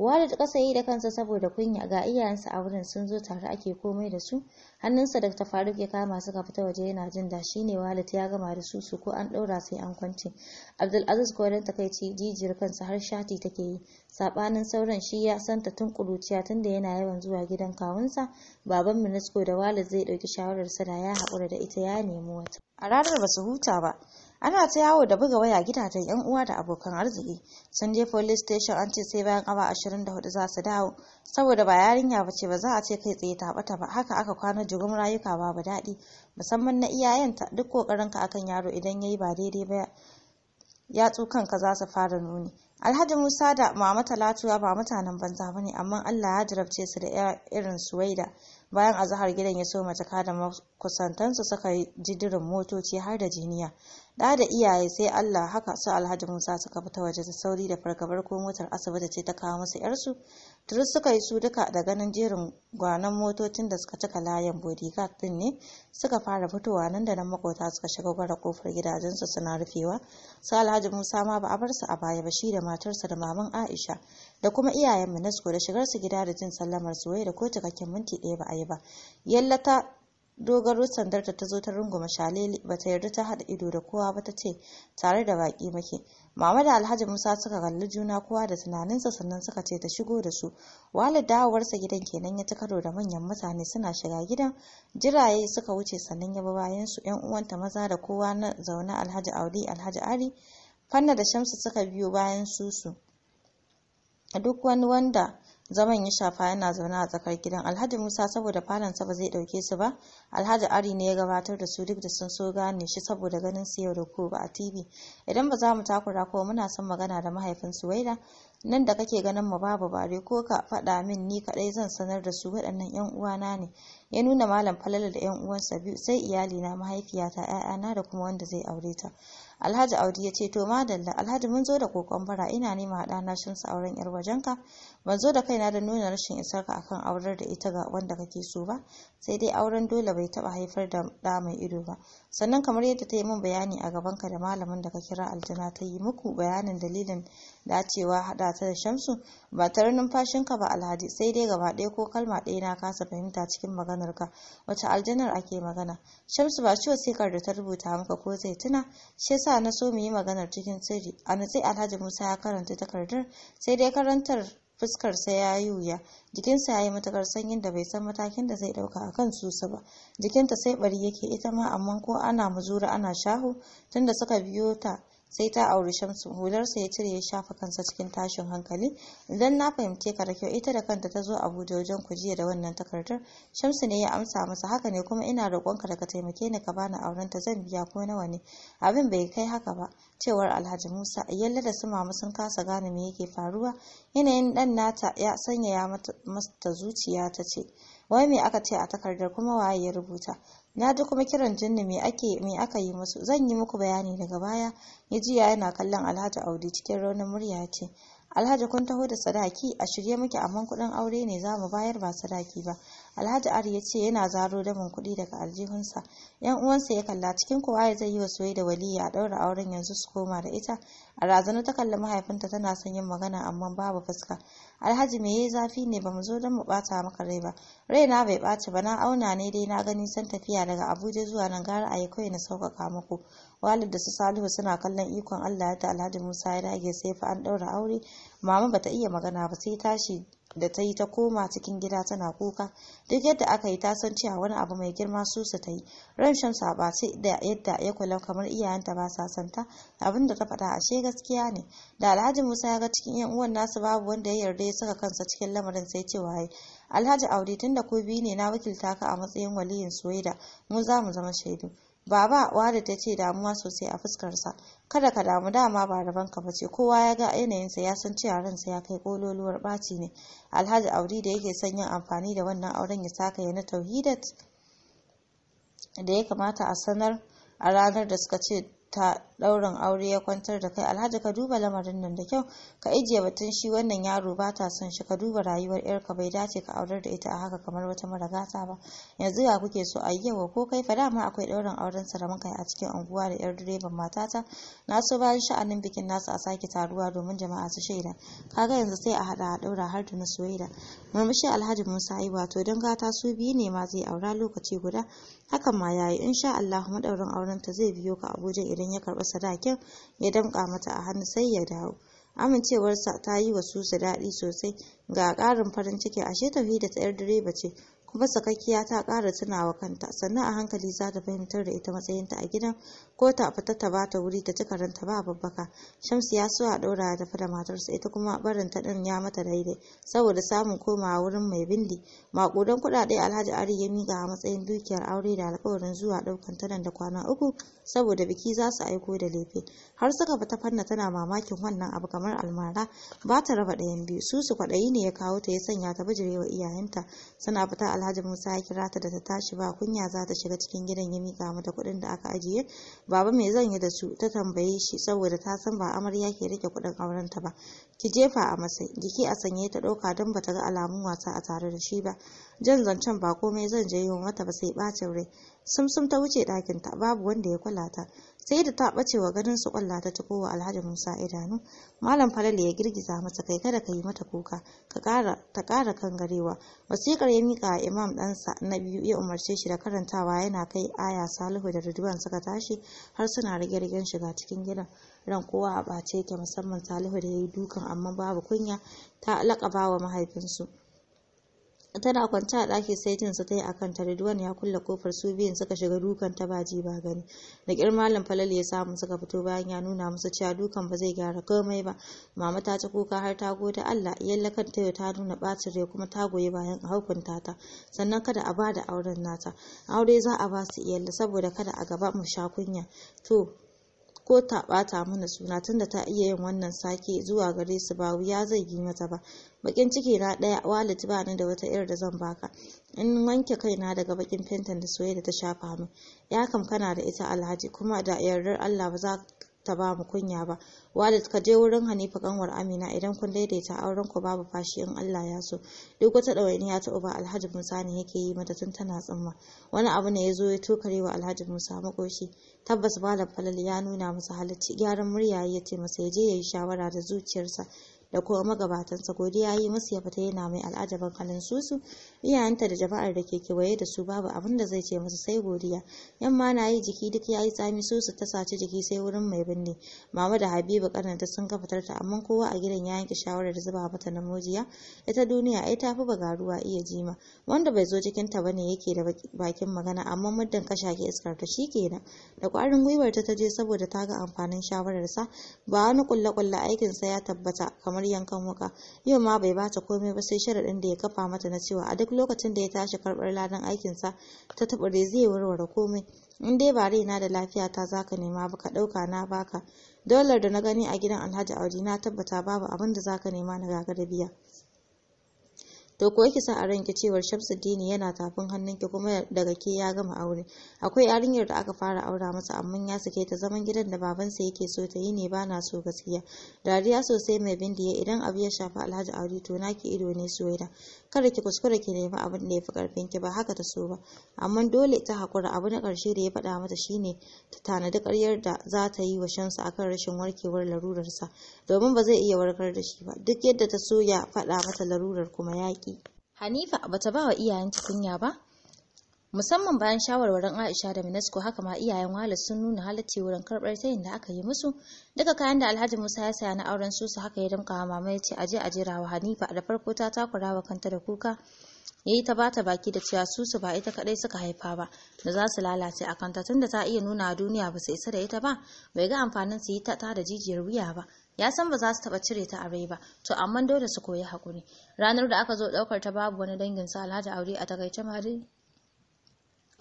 Walid ƙasa yi da kansa saboda kunya ga iyayensa a wurin sun zo tare ake komai da su. Hannunsa da Faruk ya kama suka fita waje yana jin da shi ne Walid ya gama da su su ko an ɗaura sai an kwance. abdul Abdulaziz ko don takaici jijiyar kansa har shati take yi. sabanin sauran shi ya santa tun kuruciya tunda yana yawan zuwa gidan kawunsa. Baban Minisko da Walid zai ɗauki shawararsa da ya haƙura da ita ya nemi wata. A ranar ba su huta ba. ana ta yawo da buga waya gidajen yan uwa da abokan arziki sun je police station an ce sai bayan awa 24 za su dawo saboda ba yarinya ba ce ba za a ce kai tsaye ta bata ba haka aka kwana jigum rayuka ba daɗi musamman na iyayen ta duk kokarin ka akan yaro idan yayi ba daidai ba yatsu kanka za su fara nuni alhaji musa da mama talatuwa ba mutanen banza ba ne amma allah ya jarabce su da irin suwaida bayan azahar gidan ya so mace da makusantansu suka yi jidirin motoci har da jiniya da da iyaye sai Allah haka su Alhaji Musa suka fita waje da sauri da fargabar ko motar asibiti ce ta kawo musu yarsu tur suka yi su duka da ganin jerin gwanon motocin da suka cika layin bodyguard din ne suka fara fitowa nan da nan makota suka shiga gwara kofar gidajensu suna rufewa su Alhaji Musa ma ba a bar su a baya ba shi da matarsa da maman Aisha da kuma iyayen Minasko da shigar su gida da jin sallamar su waye da ko cikakken minti ɗaya ba a yi ba yallata dogaro sandarta ta zo ta rungume shaleli ba ta yarda ta haɗa ido da kowa ba ta ce tare da baƙi muke mama da alhaji musa suka kalli juna kowa da tunaninsa sannan suka ce ta shigo da su wahalar dawowarsa gidan kenan ya ta karo da manyan mutane suna shiga gidan jiraye suka wuce sannan ya bi bayan su yan uwanta maza da kowa na zaune alhaji audi alhaji ari fanna da shamsu suka biyo bayan su su duk wani wanda zaman ya shafa yana zaune a tsakar gidan alhaji musa saboda falonsa ba zai dauke su ba alhaji ari ne ya gabatar da su duk da sun so gane shi saboda ganin su yau da gobe a tv idan ba za mu takura ko muna son magana da mahaifin su suwaida nan da kake ganin mu babu bare ko ka faɗa min ni kaɗai zan sanar da su waɗannan yan uwana ne ya nuna malam falala da yan uwansa biyu sai iyali na mahaifiyata ƴaƴana da kuma wanda zai aure ta alhaji audi ya ce to madalla alhaji mun zo da kokon bara ina nema haɗa na shinsa auren yar wajenka ban zo da kaina da nuna rashin isarka akan aurar da ita ga wanda kake so ba sai dai auren dole bai taba haifar da ɗa mai ido ba sannan kamar yadda ta yi min bayani a gaban ka da malamin da ka kira aljana ta yi muku bayanin dalilin dacewa haɗa ta da shamsu ba tare ka ba alhaji sai dai gaba ɗaya ko kalma ɗaya na kasa fahimta cikin maganar ka wace aljanar ake magana shamsu ba ciwo sikar da ta rubuta maka ko zai tuna shi yasa na so mu yi maganar cikin sirri a natsi alhaji musa ya karanta takardar sai dai karantar fuskarsa ya yi wuya jikinsa ya yi matakar sanyin da bai san matakin da zai ɗauka a kan susa ba jikinta sai bari yake ita ma amma ko ana muzura ana shahu tunda suka biyo ta sai ta auri shamsu hularsa ya cire ya shafa kansa cikin tashin hankali idan na fahimce ka da kyau ita da kanta ta zo abuja wajen ku jiya da wannan takardar shamsu ne ya amsa masa haka ne kuma ina ka da ka taimake ni ka bani aurenta zan biya ko nawa ne abin bai kai haka ba cewar alhaji musa yalla da su mamu sun kasa gane me yake faruwa yanayin dan nata ya sanyaya mata zuciya ta ce wai me aka ce a takardar kuma waye ya rubuta na ji kuma kiran jinni me aka yi musu zan yi muku bayani daga baya ya jiya yana kallon alhaji audi cikin raunin murya ce alhaji kun taho da sadaki a shirye muke amma kuɗin aure ne za mu bayar ba sadaki ba alhaji ari ya ce yana zaro damin kuɗi daga aljihunsa yan uwansa ya kalla cikin kowa ya zai yi wa soyayya da waliya a ɗaura auren yanzu su koma da ita a razanu ta kalli mahaifinta tana son yin magana amma babu fuska alhaji me yayi zafi ne bamu zo don mu bata maka rai ba rai na bai ɓaci ba na auna ne dai na gani san tafiya daga abuja zuwa nan gara a yi kawai na sauƙaƙa muku walid da su salihu suna kallon ikon allah da alhaji musa ya dage sai fa an ɗaura aure mama bata iya magana ba sai tashi da ta yi ta koma cikin gida tana kuka duk yadda aka yi ta san cewa wani abu mai girma su ta yi ran shamsu a da yadda ya kula kamar iyayenta ba sa santa abin da ta faɗa ashe gaskiya ne da alhaji musa ya ga cikin yan uwan nasu babu wanda ya yarda ya saka kansa cikin lamarin sai cewa waye alhaji audi tun da ku biyu ne na wakilta ka a matsayin waliyin soyayya Mun za mu zama shaidu Baba Wada ta ce damuwa sosai a fuskarsa. Kada ka damu dama ba rabon ka bace kowa ya ga yanayinsa ya san cewa ransa ya kai kololuwar ɓaci ne. Alhaji Audi da yake son yin amfani da wannan auren ya saka ya na tauhidat da ya kamata a sanar a ranar da suka ce ta ɗaurin aure ya kwantar da kai alhaji ka duba lamarin nan da kyau ka ijiye batun shi wannan yaro ba ta son shi ka duba rayuwar yarka bai dace ka aurar da ita a haka kamar wata maragata ba yanzu ga kuke so a yawa ko kai fa dama akwai ɗaurin auren sa da muka yi a cikin unguwa da yar direban matata na so bayan sha'anin bikin nasu a sake taruwa domin jama'a su shaida kaga yanzu sai a haɗa a ɗaura har da na soyayya murmushi alhaji musa yi wato don gata su biyu ne ma zai aura lokaci guda hakan ma yayi insha Allah madaurin auren ta zai biyo ka Abuja idan ya karɓi sadakin ya damƙa mata a hannu sai ya dawo amincewarsa ta yi wa susu daɗi sosai ga ƙarin farin ciki ashe tafi ta yar direba ce kuma sakakkiya ta ƙara tunawa kanta sannan a hankali za ta fahimtar da ita matsayinta a gidan ko ta fita ta ba ta wuri ta ci karanta ba babbaka shamsu ya so a ɗora ta da matarsa ita kuma barin ta ɗin ya mata daidai saboda samun komawa wurin mai bindi maƙudan kuɗaɗe alhaji ari ya miƙa a matsayin dukiyar aure da alƙawarin zuwa ɗaukan ta nan da kwana uku saboda biki za su aiko da lefe har suka fita fanna tana mamakin wannan abu kamar almara ba ta raba ɗayan biyu su su kwaɗayi ne ya kawo ta ya sanya ta bijirewa iyayenta suna fita Alhaji Musa ya kira ta da ta tashi ba kunya za ta shiga cikin gidan ya mika mata kuɗin da aka ajiye. Baba me zan yi da su ta tambaye shi saboda ta san ba amarya ke rike kuɗin aurenta ba. Ki jefa a masai jiki a sanye ta ɗauka don ba ta ga alamun wasa a tare da shi ba. Jan zancen ba komai zan je yi mata ba sai ɓacin rai. Sumsum ta wuce ɗakinta babu wanda ya kula ta. sai da ta bace wa ganin su kwalla ta tuko wa Alhaji Musa idanu malam Falalu ya girgiza masa kai kada ka yi mata kuka ka kara ta kara garewa wasikar ya mika imam ɗansa na biyu ya umarce shi da karantawa yana kai aya Salihu da Ridwan suka tashi har suna rage-ragen shiga cikin gidan ran kowa a ɓace yake musamman Salihu da ya yi dukan amma babu kunya ta alaka bawa mahaifinsu tana kwance a ɗaki sai jin su yi akan ta Ridwan ya kulle kofar su biyun suka shiga dukan ta ba ba gani da ƙyar malam Falal ya samu suka fito bayan ya nuna musu cewa dukan ba zai gyara komai ba mama ta ci kuka har ta gode Allah yalla kan tayo ta nuna bacin rai kuma ta goyi bayan a hukunta ta sannan kada a bada auren nata aure za a ba su iyalla saboda kada a gaba mu sha kunya to ko ta ɓata mana suna tunda ta iya yin wannan sake zuwa gare su ba wuya zai yi mata ba bakin ciki na ɗaya walit ba ni da wata irin da zan baka in wanke kaina daga bakin fentan da soyayya da ta shafa min ya kam kana da ita alhaji kuma da yardar Allah ba za ta ba mu kunya ba walid ka je wurin hanifa kanwar amina idan kun daidaita auren ku babu fashi in allah ya so duk wata ɗawainiya ta uba alhaji musa ne yake yi mata tun tana tsumma. wani abu ne ya zo ya tokare wa alhaji musa makoshi tabbas malam falal ya nuna masa halacci gyaran murya ya ce masa ya je ya yi shawara da zuciyarsa da kuma magabatansa godiya yi musu ya fita yana mai al'ajaban kalin susu iyayenta da jama'ar da ke kewaye da su babu abin da zai ce musu sai godiya yamma na yi jiki duk ya yi tsami susu ta saci jiki sai wurin mai binne mama da habibu kananta sun fitar ta amma kowa a gidan ya yanke shawarar zuba mata namojiya ita duniya ai ta fi bagaruwa iya jima wanda bai zo cikinta bane yake da bakin magana amma muddin ke iskar ta shi kenan da kwarin gwiwar ta ta je saboda ta ga amfanin shawararsa ba wani kulle-kulle aikinsa ya tabbata kamar kamar yankan wuka yau ma bai bata komai ba sai sharaɗin da ya kafa mata na cewa a duk lokacin da ya tashi karɓar ladan aikin sa ta taɓa zai warware komai in dai ba raina da lafiya ta ka nema ba ka ɗauka na baka dolar da na gani a gidan alhaji audi na tabbata babu abin da za ka nema na gagara biya to ko yake san a ranki cewar Shamsuddini yana tafin hannunki kuma daga ke ya gama aure akwai yarinyar da aka fara aura masa amma ya sake ta zaman gidan da babansa yake so ta yi ne bana so gaskiya dariya sosai mai bindiya idan abu ya shafi Alhaji Audu to naki ido ne soyayya kada ki kuskure ki nemi abin da yafi karfin ki ba haka ta so ba amma dole ta hakura abu na karshe da ya faɗa mata shine ta tanadi ƙaryar da za ta yi wa Shamsu akan rashin warkewar larurarsa domin ba zai iya warkar da shi ba duk yadda ta so ya faɗa mata larurar kuma yaƙi Hanifa bata ba wa iyayenta kunya ba, musamman bayan shawarwarin Aisha da Minasco haka ma iyayen wala sun nuna halacci wurin karɓar tayin da aka yi musu. Duka kayan da Alhaji Musa ya saya na auren su haka ya damƙa mama ya ce aje a jira wa Hanifa da farko ta takura wa kanta da kuka. Yayi ta bata baki da cewa su su ba ita kadai suka haifa ba da za su lalace a kanta tunda ta iya nuna duniya ba su isa da ita ba bai ga amfanin su yi ta da jijiyar wuya ba ya san ba za su taba cire ta aure ba to amma dole su koyi hakuri ranar da aka zo daukar ta babu wani dangin sa Alhaji aure a takaice ma dai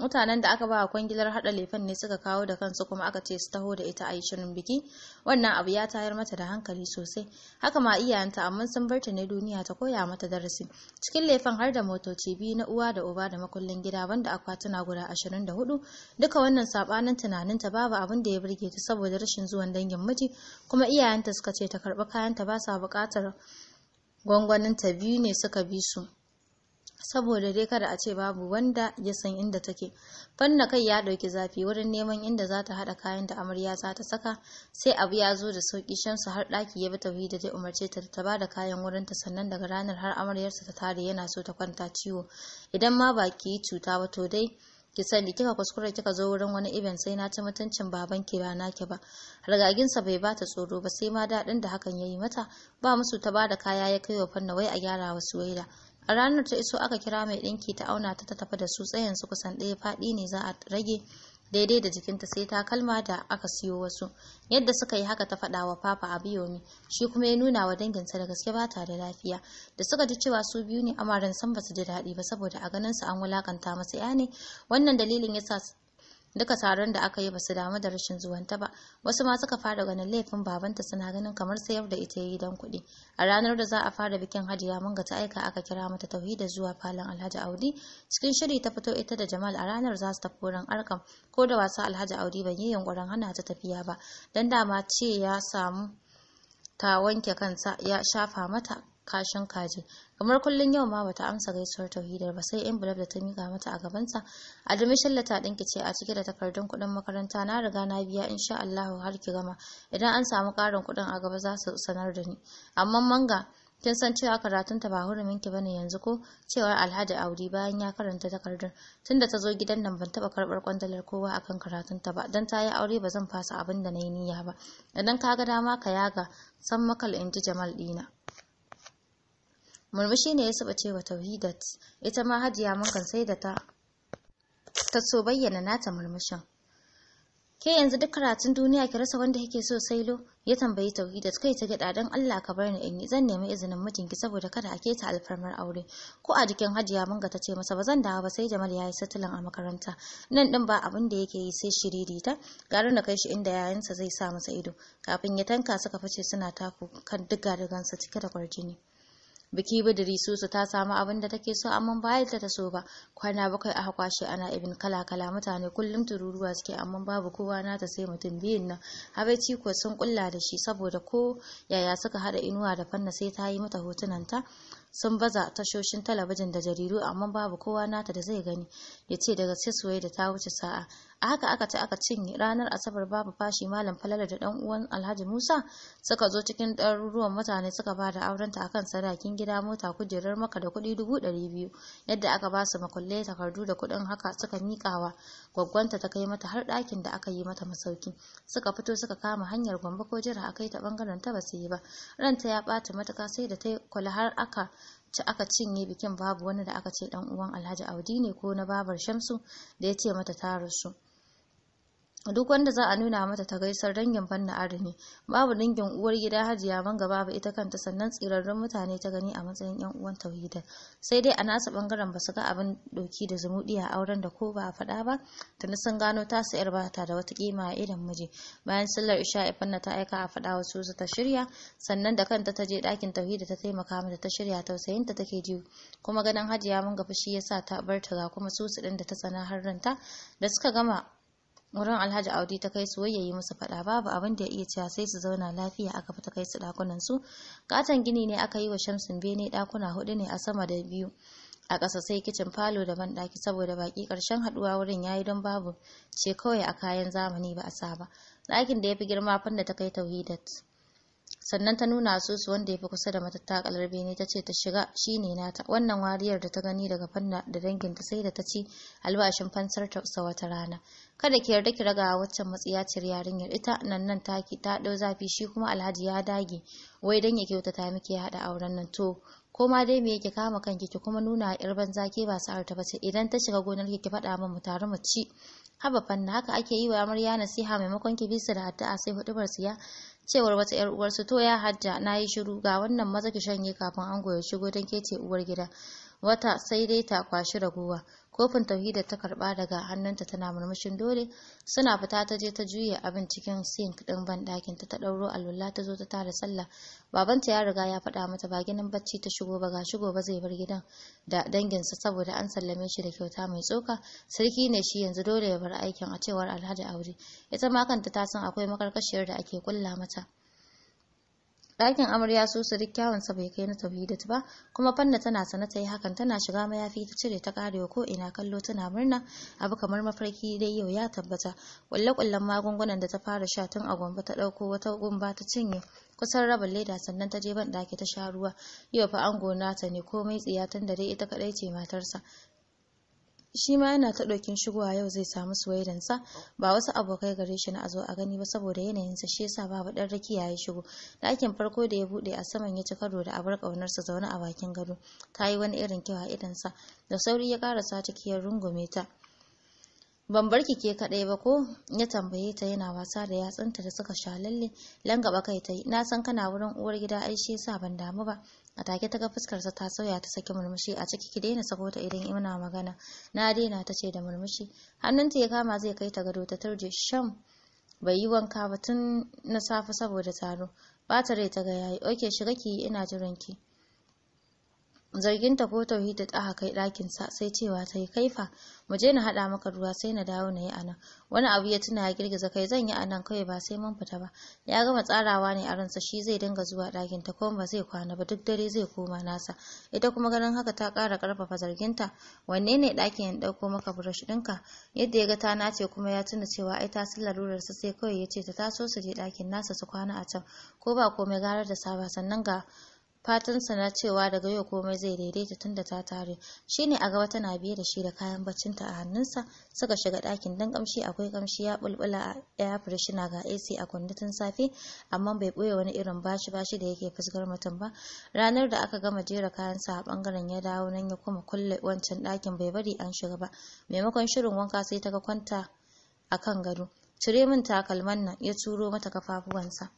mutanen da aka ba kwangilar hada lefen ne suka kawo da kansu kuma aka ce su taho da ita a yi shirin biki wannan abu ya tayar mata da hankali sosai haka ma iyayenta amma sun bar ta ne duniya ta koya mata darasi cikin lefen har da motoci biyu na uwa da uba da makullin gida wanda akwatuna guda ashirin da hudu duka wannan sabanin tunanin ta babu abin da ya burge ta saboda rashin zuwan dangin miji kuma iyayenta suka ce ta karbi kayanta ba sa bukatar gwangwanin ta biyu ne suka bi su saboda dai kada a ce babu wanda ya san inda take fanna kai ya ɗauki zafi wurin neman inda za ta haɗa kayan da amarya za ta saka sai abu ya zo da sauƙi shamsu har ɗaki ya bi da dai umarce ta ta ba da kayan wurin ta sannan daga ranar har amaryarsa ta tare yana so ta kwanta ciwo idan ma ba ki yi cuta ba to dai ki sani kika kuskure kika zo wurin wani iben sai na ci mutuncin baban ki ba naki ba ragaginsa bai bata tsoro ba sai ma dadin da hakan yayi mata ba musu ta ba da kaya ya kai wa fanna wai a gyara wa suwaida a ranar ta iso aka kira mai ɗinki ta auna ta ta tafi da su tsayin su kusan ɗaya faɗi ne za a rage daidai da jikinta sai ta kalma da aka siyo wasu yadda suka yi haka ta faɗa wa papa ne shi kuma ya nuna wa danginsa da gaske ba ta da lafiya da suka ji cewa su biyu ne amaren san ba su ji daɗi ba saboda a ganin su an wulakanta masa ya ne wannan dalilin yasa duka taron da aka yi ba su damu da rashin zuwanta ba wasu ma suka fara ganin laifin babanta suna ganin kamar sayar da ita yi don kuɗi a ranar da za a fara bikin hajiya mun ga ta aika aka kira mata tauhida zuwa falon alhaji audi cikin shiri ta fito ita da jamal a ranar za su tafi wurin arkam ko da wasa alhaji audi ban yi yunkurin hana ta tafiya ba don dama ce ya samu ta wanke kansa ya shafa mata kashin kaji kamar kullun yau ma bata amsa gaisuwar tauhidar ba sai envelope da ta miƙa mata a gabanta admission ta ɗinki ce a cike da takardun kuɗin makaranta na riga na biya insha Allahu har ki gama idan an samu ƙarin kuɗin a gaba za su sanar da ni amma manga kin san cewa karatun ta ba hurumin ki bane yanzu ko cewa Alhaji Audi bayan ya karanta takardun tunda ta zo gidan nan ban taba karbar kwandalar kowa akan ta ba dan ta yi aure ba zan fasa abin da na yi niyya ba idan ka ga dama ka yaga san makal inji Jamal dina murmushi ne ya saba cewa tauhidat ita ma hajiya mukan sai da ta ta so bayyana nata murmushin ke yanzu duk karatun duniya ki rasa wanda kike so sailo ya tambayi tauhidat kai ta gida dan Allah ka bar ni in yi zan nemi izinin mijinki saboda kada a keta alfarmar aure ko a jikin hajiya mun ga ta ce masa ba zan dawo ba sai jamal yayi satilan a makaranta nan din ba abin da yake yi sai shiririta garin da kai shi inda sa zai sa masa ido kafin ya tanka suka fice suna taku kan diga digansa cike da kwarjini biki bidiri susu ta samu abin da take so amma ba yadda ta so ba kwana bakwai a kwashe ana ibin kala kala mutane kullum tururuwa suke amma babu kowa nata sai mutum biyun nan habaici ko sun kulla da shi saboda ko yaya suka hada inuwa da fanna sai ta yi mata hotunanta sun baza tashoshin talabijin da jaridu amma babu kowa nata da zai gani ya ce daga sai soyayya da ta wuce sa'a a haka aka ci aka cinye ranar asabar babu fashi malam falala da dan uwan alhaji musa suka zo cikin ɗaruruwan mutane suka ba da aurenta akan sadakin gida mota kujerar maka da kuɗi dubu ɗari biyu yadda aka ba su makulle takardu da kuɗin haka suka miƙawa gwaggwanta ta kai mata har ɗakin da aka yi mata masauki suka fito suka kama hanyar gwamba ko jira a kai ta ɓangaren ta ba su yi ba ranta ya ɓata matuka sai da ta kula har aka ci aka cinye bikin babu wani da aka ce dan uwan Alhaji Audi ne ko na babar Shamsu da ya ce mata ta rasu. duk wanda za a nuna mata ta gaisar dangin fanna ne babu dangin uwar gida Hajiya Manga babu ita kanta sannan tsirarrun mutane ta gani a matsayin yan uwan Tauhida sai dai a nasa bangaren basu ga abin doki da zumudi a auren da ko ba a faɗa ba tuni sun gano ta sayar yar bata da wata kima a idan miji bayan sallar isha'i Fanna ta aika a faɗa wa su ta shirya sannan da kanta ta je ɗakin Tauhida ta taimaka mata ta shirya tausayin ta take ji kuma ganin Hajiya Manga shi yasa ta bar ta ga kuma su din da ta tsana har ranta da suka gama wurin alhaji audi ta kai su yi musu fada babu abin da ya iya cewa sai su zauna lafiya aka fita kai su dakunan su katon gini ne aka yi wa shamsun bene dakuna hudu ne a sama da biyu a ƙasa sai kicin falo da banɗaki saboda baƙi ƙarshen haɗuwa wurin ya yi don babu ce kawai a kayan zamani ba a saba ɗakin da ya fi girma fanda ta kai tauhidat sannan ta nuna asusu wanda ya fi kusa da matattakalar bene ta ce ta shiga shi shine nata wannan wariyar da ta gani daga fanna da danginta sai da ta ci albashin fansar ta wata rana kada ki yarda ki raga waccan matsiyaciyar yarinyar ita nan nan taki ta dau zafi shi kuma alhaji ya dage wai dan ya ta miki ya hada auren nan to ko ma dai me yake kama kanki ki kuma nuna yar banza ke ba sa'ar ta bace idan ta shiga gonar ki ki faɗa min mu tare mu ci haba fanna haka ake yi wa amarya nasiha maimakon ki bisa da addu'a sai hudubar siya cewar wata yar uwarsu to ya hajja na yi shiru ga wannan maza ki shanye kafin ango ya shigo don ke ce uwar gida wata sai dai ta kwashi raguwa. kofin tauhida ta karba daga hannunta tana murmushin dole suna fita ta je ta juya abin cikin sink din dakin ta ta dauro alwala ta zo ta tara sallah babanta ya riga ya faɗa mata ba ginin bacci ta shigo ba ga shigo ba zai bar gidan da danginsa saboda an sallame shi da kyauta mai tsoka sarki ne shi yanzu dole ya bar aikin a cewar alhaji aure ita ma kanta ta san akwai makarkashiyar da ake kulla mata dakin amarya su su duk kyawunsa bai kai na Tauhidatu ba, kuma fanna tana sana ta yi hakan tana shiga mayafi ta cire ta karewa ko ina kallo tana murna, abu kamar mafarki dai yau ya tabbata. Kulle-kullen magungunan da ta fara sha tun a gombe ta ɗauko wata gumba ta cinye. kusan rabin leda sannan ta je ban ta sha ruwa yau fa gona ta ne komai tsiya tun da dai ita kadai ce matarsa shi ma yana ta ɗaukin shigowa yau zai samu suwaidansa ba wasu abokai gare shi na zo a gani ba saboda yanayinsa shi yasa babu ɗan raki ya yi shigo ɗakin farko da ya buɗe a saman ya ci karo da abar ƙaunarsa zaune a bakin gado ta yi wani irin kyau a sa da sauri ya kara ciki ya rungume ta ban bar ki ke kadai ba ko ya tambaye ta yana wasa da yatsunta da suka sha lalle langaba kai ta na san kana wurin uwar gida ai shi yasa ban damu ba a take ta ga fuskarsa ta sauya ta saki murmushi a ciki ki daina sako idan ina magana na daina ta ce da murmushi hannunta ya kama zai kai ta gado ta turje sham bai yi wanka ba tun na safe saboda taro bata rai ta ga yayi oke shiga ki ina jiran ki zarginta ko tauhida aka kai ɗakin sa sai cewa ta yi kaifa mu je na haɗa maka ruwa sai na dawo na yi anan wani abu ya tuna ya girgiza kai zan yi anan kawai ba sai mun fita ba ya gama tsarawa ne a ransa shi zai dinga zuwa ɗakin ta kuma ba zai kwana ba duk dare zai koma nasa ita kuma ganin haka ta ƙara ƙarfafa zarginta wanne ne ɗakin ya ɗauko maka brush ɗinka yadda ya ga ta nace kuma ya tuna cewa ai ta sun larurar sa sai kawai ya ce ta taso su je ɗakin nasa su kwana a can ko ba komai gara da saba sannan ga fatansa na cewa daga yau komai zai daidaita tunda ta tare shi ne a gaba tana biye da shi da kayan baccinta a hannunsa suka shiga ɗakin dan kamshi akwai kamshi ya bulbula a air freshener ga AC a kunne tun safe amma bai ɓoye wani irin bashi bashi da yake fuskar mutum ba ranar da aka gama jera kayansa a bangaren ya dawo nan ya kuma kulle wancan ɗakin bai bari an shiga ba maimakon shirin wanka sai ta ga kwanta a kan gado cire min takalman nan ya turo mata kafafuwansa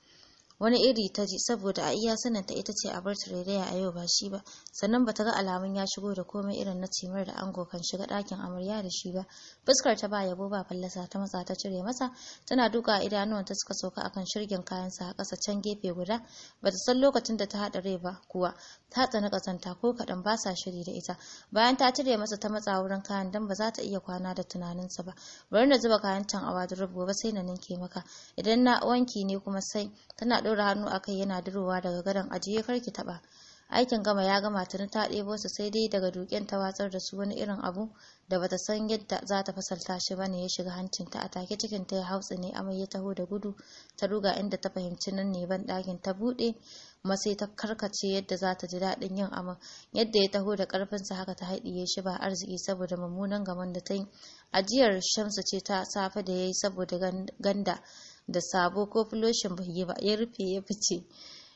wani iri ta ji saboda a iya sanin ta ita ce a bar tarairaya a yau ba shi ba sannan bata ga alamun ya shigo da komai irin na cimar da ango kan shiga ɗakin amarya da shi ba fuskar ta ba yabo ba fallasa ta matsa ta cire masa tana duka idanuwan ta suka sauka akan shirgin kayansa a ƙasa can gefe guda bata san lokacin da ta haɗa rai ba kuwa ta tsani ƙazanta ko kaɗan ba sa shiri da ita bayan ta cire masa ta matsa wurin kayan dan ba za ta iya kwana da tunaninsa ba bari na zuba kayan can a wadurabu gobe sai na ninke maka idan na wanki ne kuma sai tana ɗora hannu akai yana durowa daga gadon ajiye ki taɓa aikin gama ya gama tuni ta ɗebo su sai dai daga duken ta watsar da su wani irin abu da bata san yadda za ta fasalta shi ne ya shiga hancinta a take cikin ta ya hautsi ne amai ya taho da gudu ta ruga inda ta fahimci nan ne ban ɗakin ta buɗe kuma sai ta karkace yadda za ta ji daɗin yin aman yadda ya taho da ƙarfinsa haka ta haɗiye shi ba arziki saboda mummunan gaman da ta yi ajiyar shamsu ce ta safe da ya yi saboda ganda da sabo ko fuloshin bai yi ba ya rufe ya fice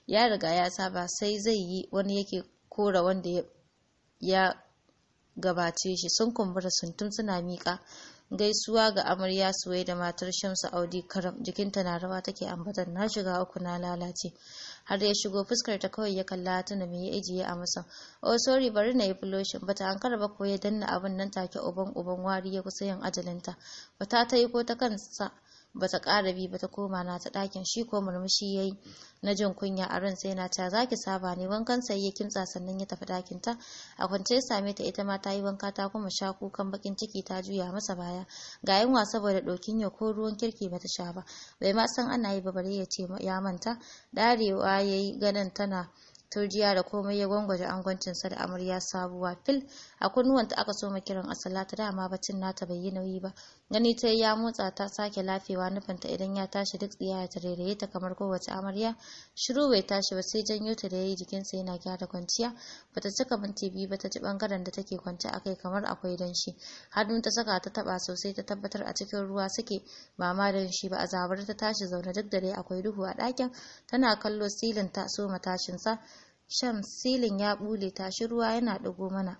ya riga ya saba sai zai yi wani yake kora wanda ya gabace shi sun kumbura sun tun suna miƙa gaisuwa ga amarya suwai da matar shamsu audi karam jikinta na rawa take ambatar na shiga uku na lalace har ya shigo fuskar ta kawai ya kalla tuna mai ya ajiye a masa oh sorry bari na yi Ba ta an ba ko ya danna abin nan take uban uban wari ya kusa yin ajalinta ta ta yi ko ta kansa bata ƙara bi ba ta koma na ta ɗakin shi ko murmushi yayi na jin kunya a ran sai na ta zaki saba ne wankan sai ya kimtsa sannan ya tafi ɗakin ta a kwance ya same ta ita ma ta yi wanka ta kuma sha kukan bakin ciki ta juya masa baya ga yunwa saboda ɗokin ya ko ruwan kirki bata sha ba bai ma san ana yi ba bare ya ce ya manta darewa yayi ganin tana turjiya da komai ya gwangwaje angwancinsa da amarya sabuwa fil a kunnuwan ta aka ma kiran asalata dama bacin nata bai yi nauyi ba gani ta ya motsa ta sake lafewa nufinta idan ya tashi duk tsiya ya tarairaye ta kamar kowace amarya shiru bai tashi ba sai janyo ta da yayi jikinsa yana gyara kwanciya bata cika minti biyu ba ta ci bangaren da take kwance a kai kamar akwai danshi hannu ta saka ta taba sosai ta tabbatar a cikin ruwa suke ba ma danshi ba a zabar ta tashi zaune duk da dai akwai duhu a ɗakin tana kallo silin ta soma sa shan silin ya bule tashi ruwa yana ɗago mana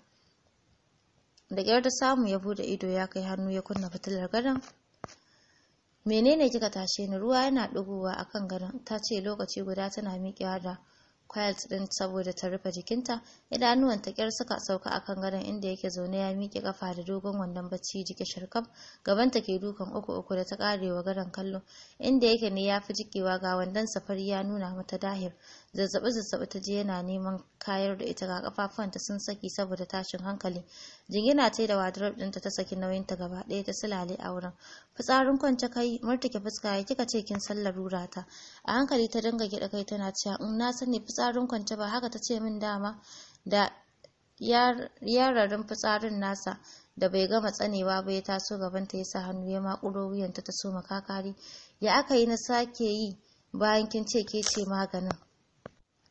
da ƙyar ta samu ya bude ido ya kai hannu ya kunna fitilar gadon menene kika tashe ni ruwa yana ɗigowa akan gadon ta ce lokaci guda tana miƙewa da quiet din saboda ta rufe jikinta idanuwan ta kyar suka sauka akan gadon inda yake zaune ya miƙe kafa da dogon wandon bacci jike sharkaf gaban ta ke dukan uku uku da ta karewa gadon kallo inda yake ne ya fi jikewa ga wandon safari ya nuna mata dahir zazzaɓi zazzaɓi ta je yana neman kayar da ita ga kafafuwanta sun saki saboda tashin hankali jingina ta da wardrobe ɗinta ta saki nauyin ta gaba ɗaya ta sulale a wurin fitsarin kwance kai murtuke fuska ya kika ce kin sallar rura ta a hankali ta dinga gida kai tana cewa in mm, na sani fitsarin kwance ba haka ta ce min dama da yararin fitsarin nasa da bai gama tsanewa ba ya taso gabanta ya sa hannu ya makuro wuyanta ta so makakari ya aka yi na sake yi bayan kin ce ke ce maganin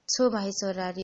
错嘛，错哪里？